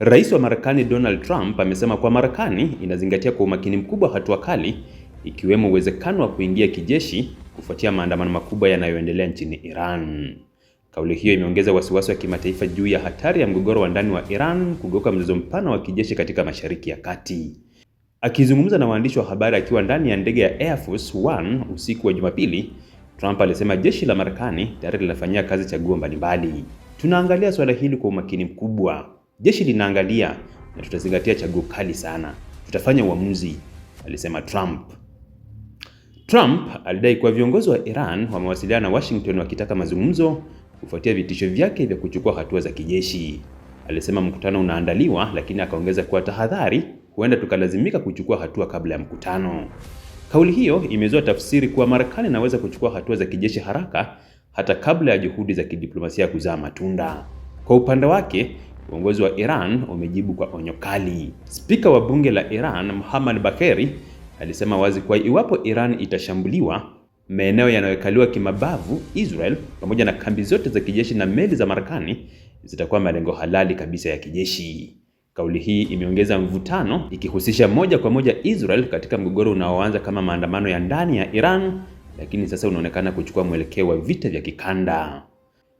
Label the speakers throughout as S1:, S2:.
S1: Rais wa Marekani Donald Trump amesema kuwa Marekani inazingatia kwa umakini mkubwa hatua kali ikiwemo uwezekano wa kuingia kijeshi kufuatia maandamano makubwa yanayoendelea nchini Iran. Kauli hiyo imeongeza wasiwasi wa kimataifa juu ya hatari ya mgogoro wa ndani wa Iran kugeuka mzozo mpana wa kijeshi katika Mashariki ya Kati. Akizungumza na waandishi wa habari akiwa ndani ya ndege ya Air Force One usiku wa Jumapili, Trump alisema jeshi la Marekani tayari linafanyia kazi chaguo mbalimbali. Tunaangalia suala hili kwa umakini mkubwa Jeshi linaangalia na tutazingatia chaguo kali sana, tutafanya uamuzi, alisema Trump. Trump alidai kuwa viongozi wa Iran wamewasiliana na Washington wakitaka mazungumzo kufuatia vitisho vyake vya kuchukua hatua za kijeshi. Alisema mkutano unaandaliwa, lakini akaongeza kuwa tahadhari, huenda tukalazimika kuchukua hatua kabla ya mkutano. Kauli hiyo imezua tafsiri kuwa Marekani inaweza kuchukua hatua za kijeshi haraka hata kabla ya juhudi za kidiplomasia kuzaa matunda. Kwa upande wake, Uongozi wa Iran umejibu kwa onyo kali. Spika wa bunge la Iran, Mohammad bakeri alisema wazi kuwa iwapo Iran itashambuliwa, maeneo yanayokaliwa kimabavu Israel, pamoja na kambi zote za kijeshi na meli za Marekani zitakuwa malengo halali kabisa ya kijeshi. Kauli hii imeongeza mvutano, ikihusisha moja kwa moja Israel katika mgogoro unaoanza kama maandamano ya ndani ya Iran, lakini sasa unaonekana kuchukua mwelekeo wa vita vya kikanda.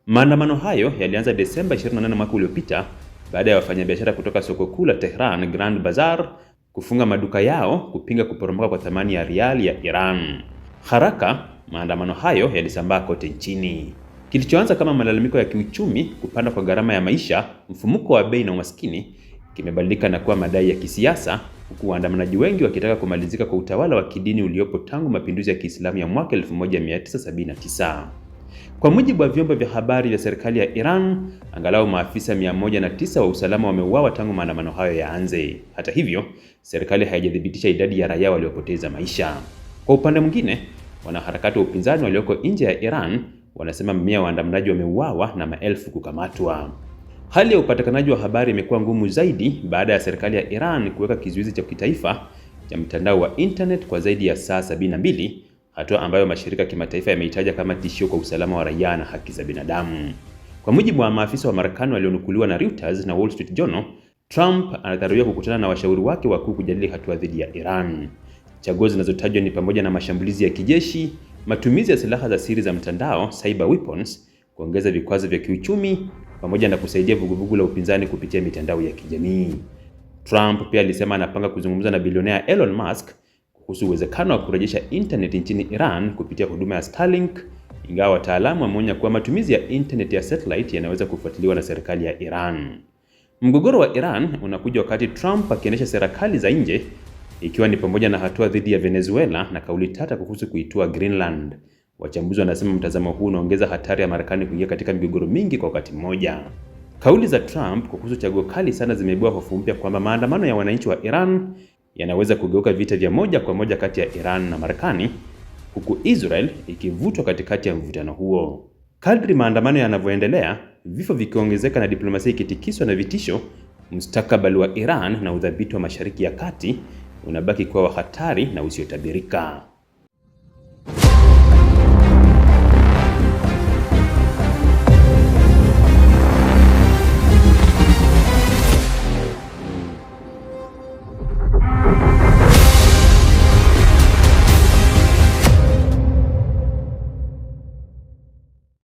S1: Maandamano hayo yalianza Desemba 28 mwaka uliopita baada ya wafanyabiashara kutoka soko kuu la Tehran, Grand Bazaar, kufunga maduka yao kupinga kuporomoka kwa thamani ya riali ya Iran. Haraka maandamano hayo yalisambaa kote nchini. Kilichoanza kama malalamiko ya kiuchumi, kupanda kwa gharama ya maisha, mfumuko wa bei na umaskini, kimebadilika na kuwa madai ya kisiasa, huku waandamanaji wengi wakitaka kumalizika kwa utawala wa kidini uliopo tangu mapinduzi ya Kiislamu ya mwaka 1979. Kwa mujibu wa vyombo vya habari vya serikali ya Iran, angalau maafisa 109 wa usalama wameuawa tangu maandamano hayo yaanze. Hata hivyo, serikali haijathibitisha idadi ya raia waliopoteza maisha. Kwa upande mwingine, wanaharakati wa upinzani walioko nje ya Iran wanasema mamia waandamanaji wameuawa na maelfu kukamatwa. Hali ya upatikanaji wa habari imekuwa ngumu zaidi baada ya serikali ya Iran kuweka kizuizi cha kitaifa cha mtandao wa internet kwa zaidi ya saa 72 hatua ambayo mashirika ya kimataifa yameitaja kama tishio kwa usalama wa raia na haki za binadamu. Kwa mujibu wa maafisa wa Marekani walionukuliwa na Reuters na Wall Street Journal, Trump anatarajiwa kukutana na washauri wake wakuu kujadili hatua dhidi ya Iran. Chaguo zinazotajwa ni pamoja na mashambulizi ya kijeshi, matumizi ya silaha za siri za mtandao, cyber weapons, kuongeza vikwazo vya kiuchumi pamoja na kusaidia vuguvugu la upinzani kupitia mitandao ya kijamii. Trump pia alisema anapanga kuzungumza na bilionea Elon Musk kuhusu uwezekano wa kurejesha internet nchini Iran kupitia huduma ya Starlink, ingawa wataalamu wameonya kuwa matumizi ya internet ya satellite yanaweza kufuatiliwa na serikali ya Iran. Mgogoro wa Iran unakuja wakati Trump akiendesha sera kali za nje, ikiwa ni pamoja na hatua dhidi ya Venezuela na kauli tata kuhusu kuitua Greenland. Wachambuzi wanasema mtazamo huu unaongeza hatari ya Marekani kuingia katika migogoro mingi kwa wakati mmoja. Kauli za Trump kuhusu chaguo kali sana zimeibua hofu mpya kwamba maandamano ya wananchi wa Iran yanaweza kugeuka vita vya moja kwa moja kati ya Iran na Marekani, huku Israel ikivutwa katikati ya mvutano huo. Kadri maandamano yanavyoendelea, vifo vikiongezeka na diplomasia ikitikiswa na vitisho, mustakabali wa Iran na udhabiti wa Mashariki ya Kati unabaki kuwa wa hatari na usiotabirika.